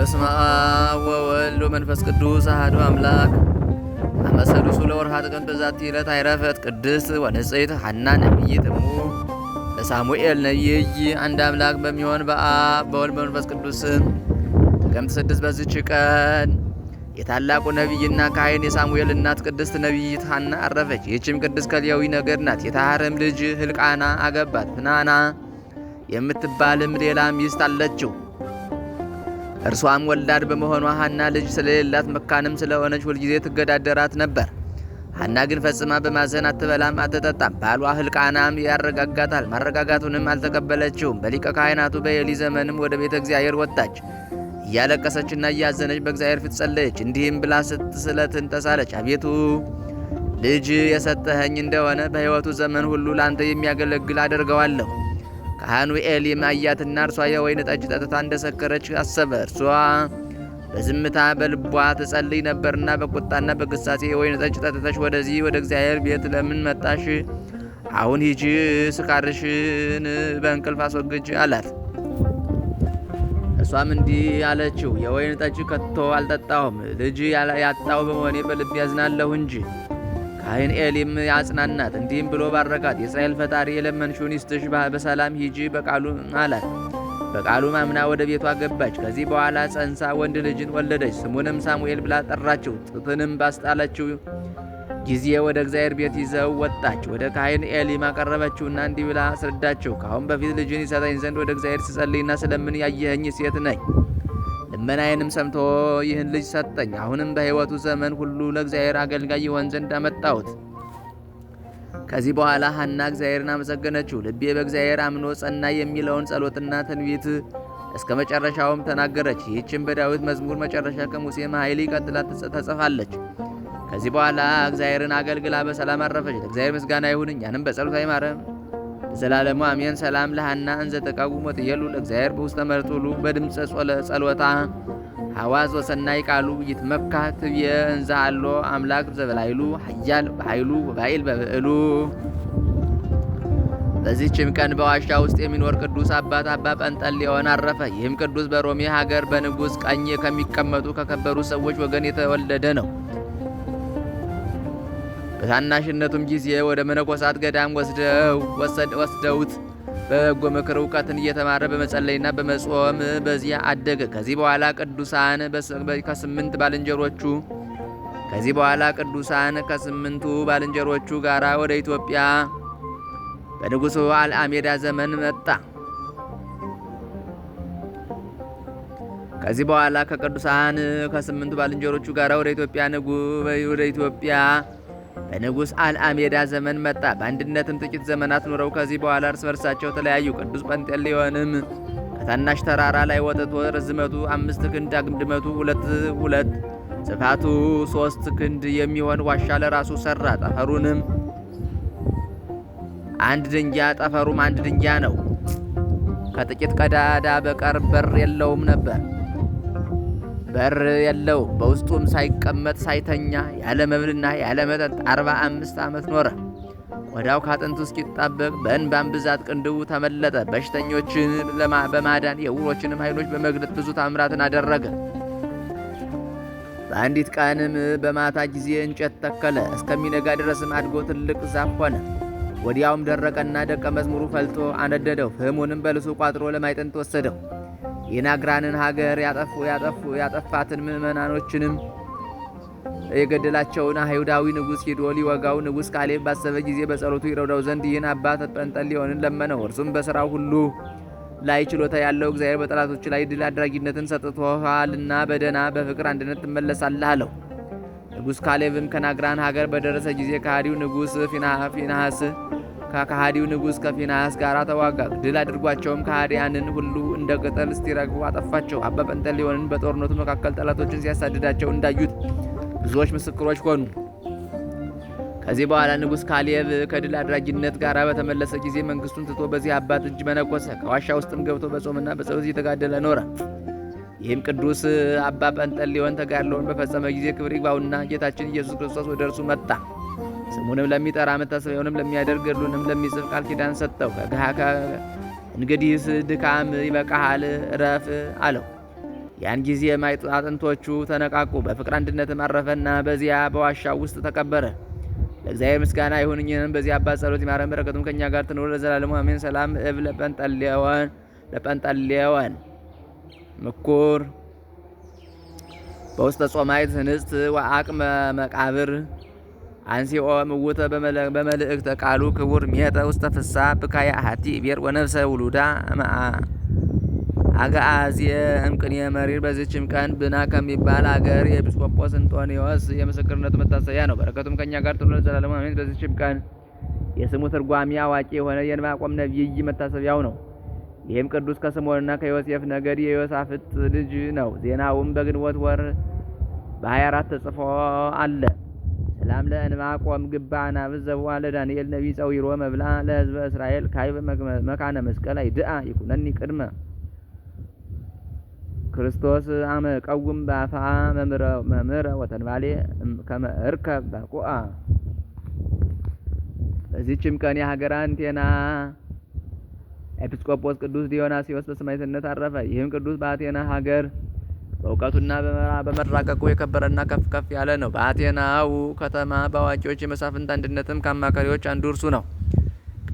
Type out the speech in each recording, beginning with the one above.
በስመ አብ ወወልድ ወመንፈስ ቅዱስ አሐዱ አምላክ አመሰሉሱ ለወርሃ ጥቅምት በዛቲ ዕለት አይረፈት ቅድስት ወንጽሕት ሐና ነቢይት እሙ ለሳሙኤል ነይይ። አንድ አምላክ በሚሆን በአብ በወልድ በመንፈስ ቅዱስ ጥቅምት ስድስት በዚች ቀን የታላቁ ነቢይና ካህን የሳሙኤል እናት ቅድስት ነቢይት ሐና አረፈች። ይህችም ቅድስት ከሌዊ ነገድ ናት። የታህርም ልጅ ህልቃና አገባት። ፍናና የምትባልም ሌላ ሚስት አለችው። እርሷም ወላድ በመሆኗ ሀና ልጅ ስለሌላት መካንም ስለሆነች ሁልጊዜ ትገዳደራት ነበር። ሀና ግን ፈጽማ በማዘን አትበላም አትጠጣም። ባሏ ህልቃናም ያረጋጋታል። ማረጋጋቱንም አልተቀበለችውም። በሊቀ ካህናቱ በኤሊ ዘመንም ወደ ቤተ እግዚአብሔር ወጣች። እያለቀሰችና እያዘነች በእግዚአብሔር ፊት ጸለየች። እንዲህም ብላ ስትስለትን ተሳለች። አቤቱ ልጅ የሰጠኸኝ እንደሆነ በሕይወቱ ዘመን ሁሉ ለአንተ የሚያገለግል አደርገዋለሁ ሐኑኤልም አያትና እርሷ የወይን ጠጅ ጠጥታ እንደሰከረች አሰበ። እርሷ በዝምታ በልቧ ትጸልይ ነበርና በቁጣና በግሳሴ የወይን ጠጅ ጠጥተሽ ወደዚህ ወደ እግዚአብሔር ቤት ለምን መጣሽ? አሁን ሂጂ፣ ስካርሽን በእንቅልፍ አስወግጅ አላት። እሷም እንዲህ አለችው፣ የወይን ጠጅ ከቶ አልጠጣሁም። ልጅ ያጣው በመሆኔ በልብ ያዝናለሁ እንጂ ካህን ኤሊም አጽናናት፣ እንዲህም ብሎ ባረካት። የእስራኤል ፈጣሪ የለመንሽውን ይስጥሽ፣ በሰላም ሂጂ በቃሉ አላት። በቃሉ ማምና ወደ ቤቷ ገባች። ከዚህ በኋላ ጸንሳ ወንድ ልጅን ወለደች። ስሙንም ሳሙኤል ብላ ጠራችው። ጥትንም ባስጣለችው ጊዜ ወደ እግዚአብሔር ቤት ይዘው ወጣች። ወደ ካህን ኤሊም አቀረበችውና እንዲህ ብላ አስረዳቸው። ከአሁን በፊት ልጅን ይሰጠኝ ዘንድ ወደ እግዚአብሔር ስጸልይና ስለምን ያየኸኝ ሴት ነኝ ልመናዬንም ሰምቶ ይህን ልጅ ሰጠኝ። አሁንም በሕይወቱ ዘመን ሁሉ ለእግዚአብሔር አገልጋይ ይሆን ዘንድ አመጣሁት። ከዚህ በኋላ ሐና እግዚአብሔርን አመሰገነችው። ልቤ በእግዚአብሔር አምኖ ጸና የሚለውን ጸሎትና ትንቢት እስከ መጨረሻውም ተናገረች። ይህችም በዳዊት መዝሙር መጨረሻ ከሙሴ መኃይል ቀጥላ ተጽፋለች። ከዚህ በኋላ እግዚአብሔርን አገልግላ በሰላም አረፈች። ለእግዚአብሔር ምስጋና ይሁን፣ እኛንም በጸሎታ ዘላለሙ አሜን። ሰላም ለሃና እንዘ ተቃውሞ ጥየሉ ለእግዚአብሔር በውስተ መርጡሉ በድምፀ ጸሎታ ሐዋዝ ወሰናይ ቃሉ ይትመካ ትብየ እንዘ አሎ አምላክ ዘበላይሉ ኃያል በኃይሉ ወባይል በብዕሉ። በዚህችም ቀን በዋሻ ውስጥ የሚኖር ቅዱስ አባት አባ ጰንጠሌዎን አረፈ። ይህም ቅዱስ በሮሜ ሀገር በንጉሥ ቀኝ ከሚቀመጡ ከከበሩ ሰዎች ወገን የተወለደ ነው። በታናሽነቱም ጊዜ ወደ መነኮሳት ገዳም ወስደውት በበጎ ምክር እውቀትን እየተማረ በመጸለይና በመጾም በዚያ አደገ። ከዚህ በኋላ ቅዱሳን ከስምንት ባልንጀሮቹ ከዚህ በኋላ ቅዱሳን ከስምንቱ ባልንጀሮቹ ጋር ወደ ኢትዮጵያ በንጉሥ አልአሜዳ ዘመን መጣ። ከዚህ በኋላ ከቅዱሳን ከስምንቱ ባልንጀሮቹ ጋር ወደ ኢትዮጵያ ንጉ ወደ ኢትዮጵያ በንጉሥ አልአሜዳ ዘመን መጣ። በአንድነትም ጥቂት ዘመናት ኑረው ከዚህ በኋላ እርስ በርሳቸው ተለያዩ። ቅዱስ ጴንጤሌዎንም ከታናሽ ተራራ ላይ ወጥቶ ርዝመቱ አምስት ክንድ አግድመቱ ሁለት ሁለት ስፋቱ ሶስት ክንድ የሚሆን ዋሻ ለራሱ ሰራ። ጠፈሩንም አንድ ድንጃ ጠፈሩም አንድ ድንጃ ነው። ከጥቂት ቀዳዳ በቀር በር የለውም ነበር። በር የለው። በውስጡም ሳይቀመጥ ሳይተኛ ያለ መብልና ያለ መጠጥ አርባ አምስት ዓመት ኖረ። ቆዳው ካጥንቱ እስኪጣበቅ በእንባን ብዛት ቅንድቡ ተመለጠ። በሽተኞችን በማዳን የዕውሮችንም ኃይሎች በመግለጥ ብዙ ታምራትን አደረገ። በአንዲት ቀንም በማታ ጊዜ እንጨት ተከለ። እስከሚነጋ ድረስም አድጎ ትልቅ ዛፍ ሆነ። ወዲያውም ደረቀና ደቀ መዝሙሩ ፈልጦ አነደደው። ፍህሙንም በልሱ ቋጥሮ ለማይጠንት ወሰደው። የናግራንን ሀገር ያጠፉ ያጠፉ ያጠፋትን ምእመናኖችንም የገደላቸውን አይሁዳዊ ንጉሥ ሂዶ ሊወጋው ንጉሥ ካሌብ ባሰበ ጊዜ በጸሎቱ ይረዳው ዘንድ ይህን አባት ጰንጠሌዎንን ለመነው። እርሱም በሥራው ሁሉ ላይ ችሎታ ያለው እግዚአብሔር በጠላቶች ላይ ድል አድራጊነትን ሰጥቶሃልና በደና በፍቅር አንድነት ትመለሳለህ አለው። ንጉሥ ካሌብም ከናግራን ሀገር በደረሰ ጊዜ ከሃዲው ንጉሥ ፊናሐስ ከካሃዲው ንጉሥ ከፊናስ ጋር ተዋጋ። ድል አድርጓቸውም ካሃዲያንን ሁሉ እንደ ቅጠል እስቲረግፉ አጠፋቸው። አባ በጦርነቱ መካከል ጠላቶችን ሲያሳድዳቸው እንዳዩት ብዙዎች ምስክሮች ሆኑ። ከዚህ በኋላ ንጉሥ ካሌብ ከድል አድራጊነት ጋር በተመለሰ ጊዜ መንግስቱን ትቶ በዚህ አባት እጅ መነኮሰ። ከዋሻ ውስጥም ገብቶ በጾምና በጸሎት እየተጋደለ ኖረ። ይህም ቅዱስ አባ ጴንጠሌዎን ተጋድሎውን በፈጸመ ጊዜ ክብር ይግባውና ጌታችን ኢየሱስ ክርስቶስ ወደ እርሱ መጣ። ስሙንም ለሚጠራ መታሰቢያውንም ለሚያደርግ ሁሉንም ለሚጽፍ ቃል ኪዳን ሰጠው። ከድሃከ እንግዲህ ድካም ይበቃሃል እረፍ አለው። ያን ጊዜ አጥንቶቹ ተነቃቁ፣ በፍቅር አንድነትም አረፈና በዚያ በዋሻ ውስጥ ተቀበረ። ለእግዚአብሔር ምስጋና ይሁን፣ እኛንም በዚህ አባት ጸሎት ይማረን፣ በረከቱም ከእኛ ጋር ትኑር ለዘላለሙ አሜን። ሰላም እብ ለጰንጠሌዎን ለጰንጠሌዎን ምኩር በውስጥ ጾማይት ህንጽት ወአቅመ መቃብር አንሲኦ ምውተ በመልእክተ ቃሉ ክቡር ሜጠ ውስተ ፍሳ ብካያ ሀቲ ቤር ወነፍሰ ውሉዳ አግአዝየ እምቅኔ መሪር። በዚችም ቀን ብና ከሚባል አገር የኤጲስቆጶስ እንጦኒዎስ የምስክርነቱ መታሰቢያ ነው። በረከቱም ከእኛ ጋር ትኑር ለዘላለሙ አሜን። በዚችም ቀን የስሙ ትርጓሚ አዋቂ የሆነ የዕንባቆም ነቢይ መታሰቢያው ነው። ይህም ቅዱስ ከስምዖንና ከዮሴፍ ነገድ የዮሳፍጥ ልጅ ነው። ዜናውም በግንቦት ወር በ24 ተጽፎ አለ። ሰላም ለእንባቆም ግባ ናብዘዋ ለዳንኤል ነቢይ ፀዊሮ መብላ ለህዝበ እስራኤል ካይብ መካነ መስቀላይ ድአ ይኩነኒ ቅድመ ክርስቶስ አመ ቀውም ባፍአ መምህረ ወተንባሌ ከመ እርከብ ባቁአ። በዚችም ቀን የሀገረ አንቴና ኤጲስቆጶስ ቅዱስ ዲዮናስዮስ በሰማዕትነት አረፈ። ይህም ቅዱስ በአቴና ሀገር በእውቀቱና በመራቀቁ የከበረና ከፍ ከፍ ያለ ነው። በአቴናው ከተማ በአዋቂዎች የመሳፍንት አንድነትም ከአማካሪዎች አንዱ እርሱ ነው።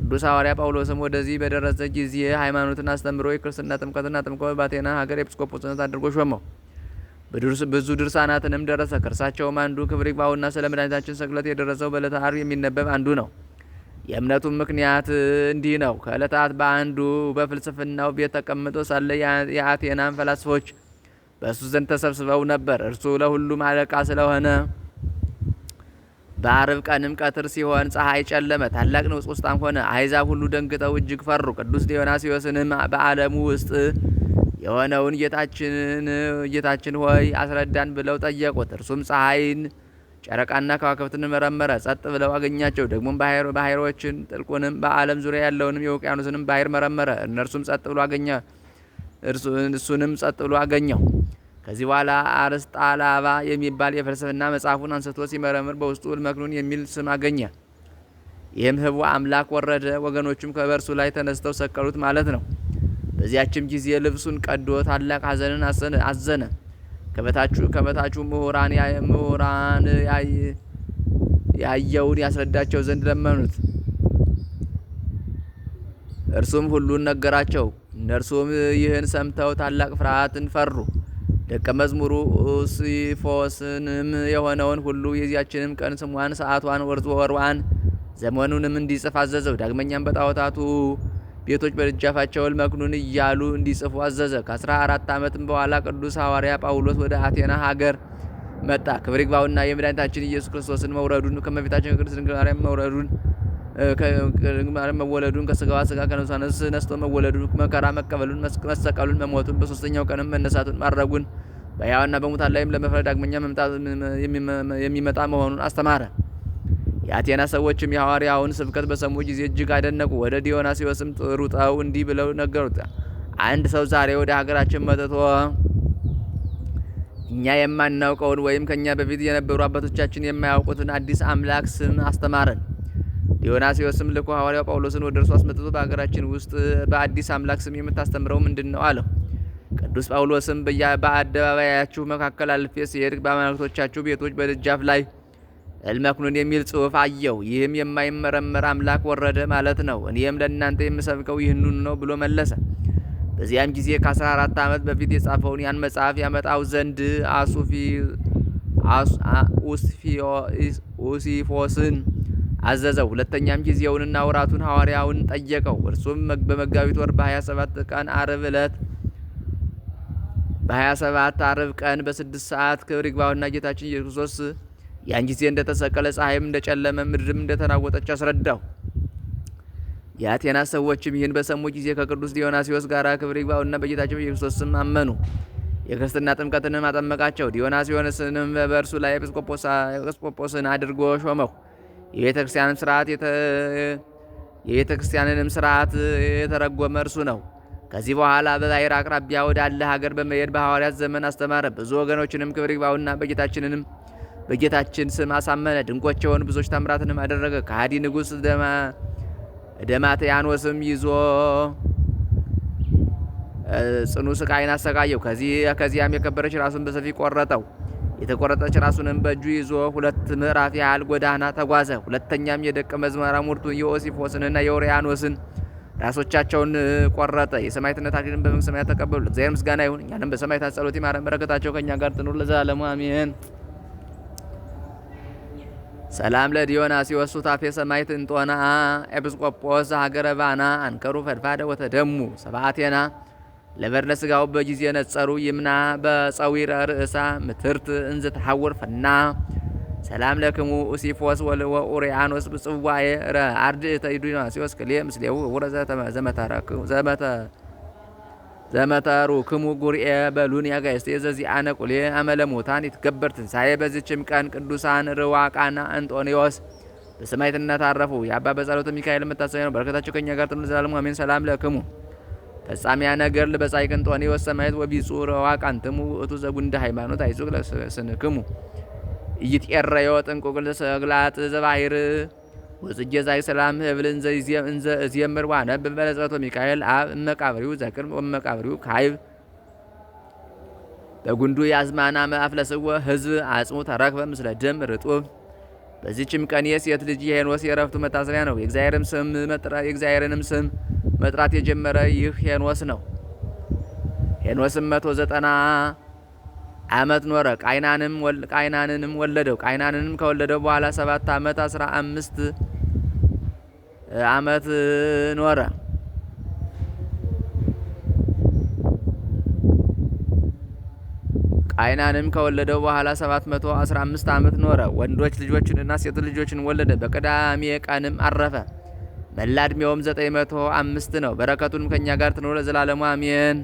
ቅዱስ ሐዋርያ ጳውሎስም ወደዚህ በደረሰ ጊዜ ሃይማኖትን አስተምሮ የክርስትና ጥምቀትና ጥምቆ በአቴና ሀገር ኤጲስቆጶስነት አድርጎ ሾመው። ብዙ ድርሳናትንም ደረሰ። ከእርሳቸውም አንዱ ክብር ይግባውና ስለ መድኃኒታችን ስቅለት የደረሰው በዕለተ ዓርብ የሚነበብ አንዱ ነው። የእምነቱም ምክንያት እንዲህ ነው። ከዕለታት በአንዱ በፍልስፍናው ቤት ተቀምጦ ሳለ የአቴናን ፈላስፎች በእሱ ዘንድ ተሰብስበው ነበር። እርሱ ለሁሉም አለቃ ስለሆነ በአርብ ቀንም ቀትር ሲሆን ፀሐይ ጨለመ፣ ታላቅ ውስጣም ሆነ። አሕዛብ ሁሉ ደንግጠው እጅግ ፈሩ። ቅዱስ ዲዮናስዮስንም በዓለሙ ውስጥ የሆነውን ጌታችን ጌታችን ሆይ አስረዳን ብለው ጠየቁት። እርሱም ፀሐይን ጨረቃና ከዋክብትን መረመረ፣ ጸጥ ብለው አገኛቸው። ደግሞም ባህሮችን ጥልቁንም በዓለም ዙሪያ ያለውንም የውቅያኖስንም ባህር መረመረ፣ እነርሱም ጸጥ ብሎ አገኘ እርሱንም ጸጥ ብሎ አገኘው። ከዚህ በኋላ አርስጣላባ የሚባል የፍልስፍና መጽሐፉን አንስቶ ሲመረምር በውስጡ መክኑን የሚል ስም አገኘ። ይህም ህቡ አምላክ ወረደ፣ ወገኖቹም ከበርሱ ላይ ተነስተው ሰቀሉት ማለት ነው። በዚያችም ጊዜ ልብሱን ቀዶ ታላቅ ሐዘንን አዘነ። ከበታቹ ምሁራን ምሁራን ያየውን ያስረዳቸው ዘንድ ለመኑት። እርሱም ሁሉን ነገራቸው። እነርሱም ይህን ሰምተው ታላቅ ፍርሃትን ፈሩ። ደቀ መዝሙሩ ሲፎስንም የሆነውን ሁሉ የዚያችንም ቀን ስሟን፣ ሰዓቷን፣ ወርዝ ወርዋን፣ ዘመኑንም እንዲጽፍ አዘዘው። ዳግመኛም በጣዖታቱ ቤቶች በደጃፋቸው መክኑን እያሉ እንዲጽፉ አዘዘ። ከአስራ አራት ዓመትም በኋላ ቅዱስ ሐዋርያ ጳውሎስ ወደ አቴና ሀገር መጣ። ክብር ይግባውና የመድኃኒታችን ኢየሱስ ክርስቶስን መውረዱን ከመቤታችን ቅድስት ድንግል ማርያም መውረዱን መወለዱን ከስጋዋ ስጋ ከነፍሷ ነፍስ ነስቶ መወለዱ መከራ መቀበሉን መሰቀሉን መሞቱን በሶስተኛው ቀንም መነሳቱን ማድረጉን በሕያዋንና በሙታን ላይም ለመፍረድ ዳግመኛ የሚመጣ መሆኑን አስተማረ። የአቴና ሰዎችም የሐዋርያውን ስብከት በሰሙ ጊዜ እጅግ አደነቁ። ወደ ሲወስም ሩጠው እንዲህ ብለው ነገሩት። አንድ ሰው ዛሬ ወደ ሀገራችን መጥቶ እኛ የማናውቀውን ወይም ከእኛ በፊት የነበሩ አባቶቻችን የማያውቁትን አዲስ አምላክ ስም አስተማረን። ዲዮናስዮስም ልኮ ሐዋርያው ጳውሎስን ወደ እርሱ አስመጥቶ በሀገራችን ውስጥ በአዲስ አምላክ ስም የምታስተምረው ምንድን ነው አለው። ቅዱስ ጳውሎስም በአደባባያችሁ መካከል አልፌ ስሄድ በአማልክቶቻችሁ ቤቶች በደጃፍ ላይ እልመኩንን የሚል ጽሑፍ አየው። ይህም የማይመረመር አምላክ ወረደ ማለት ነው። እኔም ለእናንተ የምሰብከው ይህንኑ ነው ብሎ መለሰ። በዚያም ጊዜ ከ14 ዓመት በፊት የጻፈውን ያን መጽሐፍ ያመጣው ዘንድ አሱፊ ኡሲፎስን አዘዘው። ሁለተኛም ጊዜውንና ወራቱን ሐዋርያውን ጠየቀው። እርሱም በመጋቢት ወር በ27 ቀን አርብ ዕለት በ27 አርብ ቀን በስድስት ሰዓት ክብር ይግባውና ጌታችን ኢየሱስ ክርስቶስ ያን ጊዜ እንደተሰቀለ ፀሐይም እንደጨለመ ምድርም እንደተናወጠች አስረዳው። የአቴና ሰዎችም ይህን በሰሙ ጊዜ ከቅዱስ ዲዮናሲዎስ ጋር ክብር ይግባውና በጌታችን ኢየሱስ ክርስቶስም አመኑ። የክርስትና ጥምቀትንም አጠመቃቸው። ዲዮናሲዎስንም በእርሱ ላይ ኤጲስቆጶስን አድርጎ ሾመው። የቤተ ክርስቲያንም ስርዓት የቤተ ክርስቲያንንም ስርዓት የተረጎመ እርሱ ነው። ከዚህ በኋላ በዛይር አቅራቢያ ወዳለ ሀገር በመሄድ በሐዋርያት ዘመን አስተማረ። ብዙ ወገኖችንም ክብር ይግባውና በጌታችንንም በጌታችን ስም አሳመነ። ድንቆች የሆኑ ብዙዎች ታምራትንም አደረገ። ከሃዲ ንጉሥ ደማትያኖስም ይዞ ጽኑ ስቃይን አሰቃየው። ከዚያም የከበረች ራሱን በሰፊ ቆረጠው። የተቆረጠች ራሱንም በእጁ ይዞ ሁለት ምዕራፍ ያህል ጎዳና ተጓዘ። ሁለተኛም የደቀ መዛሙርቱን የኦሲፎስንና የኦሪያኖስን ራሶቻቸውን ቆረጠ። የሰማዕትነት አክሊልን በመንግሥተ ሰማያት ተቀበሉ። ለእግዚአብሔር ምስጋና ይሁን። እኛንም በሰማዕታት ጸሎት ይማረን። በረከታቸው ከእኛ ጋር ትኑር ለዘላለሙ አሜን። ሰላም ለዲዮናስዮስ ሱታፌ ሰማዕት እንጦና ኤጲስቆጶስ ሀገረ ባና አንከሩ ፈድፋደ ወተደሙ ሰባአቴና ለበድለ ስጋው በጊዜ ነጸሩ ይምና በፀዊረ ርእሳ ምትርት እንዝተሐውር ፈና ሰላም ለክሙ ኡሲፎስ ወኡሪያኖስ ብጽዋዬ ረአርድእተ ዲናስዮስ ክሌ ምስሌሁ ውረ ዘመተሩክሙ ጉርኤ በሉን ያጋይስቴ ዘዚአነ ቁሌ አመለሙታን ይትገበር ትንሣኤ። በዚችም ቀን ቅዱሳን ርዋቃና አንጦንዮስ በሰማዕትነት አረፉ። የአባ በጸሎተ ሚካኤል መታሰቢያ ነው። በረከታቸው ከእኛ ጋር ትኑር ለዘላለሙ አሜን። ሰላም ለክሙ ፈጻሚያ ነገር በጻይቅንጦኒ ወሰማየት ወቢጹር ዋቃንትሙ እቱ ዘጉንደ ሃይማኖት አይጹቅ ለስንክሙ እይትኤረዮ ጥንቁቅ ለሰግላጥ ዘባይር ወጽጌ ዛይ ሰላም ህብል እንዘ እዝየምር ዋነብ በለጸቶ ሚካኤል አብ እመቃብሪው ዘቅርብ ወመቃብሪው ካይብ በጉንዱ የአዝማና መአፍለስወ ህዝብ አጽሙ ተረክበ ምስለ ደም ርጡብ በዚህችም ቀን የሴት ልጅ የሄኖስ የረፍቱ መታሰቢያ ነው። የእግዚአብሔርም ስም የእግዚአብሔርንም ስም መጥራት የጀመረ ይህ ሄኖስ ነው። ሄኖስም መቶ ዘጠና ዓመት ኖረ። ቃይናንንም ወለደው። ቃይናንንም ከወለደው በኋላ ሰባት ዓመት አስራ አምስት ዓመት ኖረ። ቃይናንም ከወለደው በኋላ 715 ዓመት ኖረ። ወንዶች ልጆችንና ሴቶች ልጆችን ወለደ። በቅዳሜ ቀንም አረፈ። መላ ዕድሜውም ዘጠኝ መቶ አምስት ነው። በረከቱንም ከእኛ ጋር ትኖር ለዘላለሙ አሜን።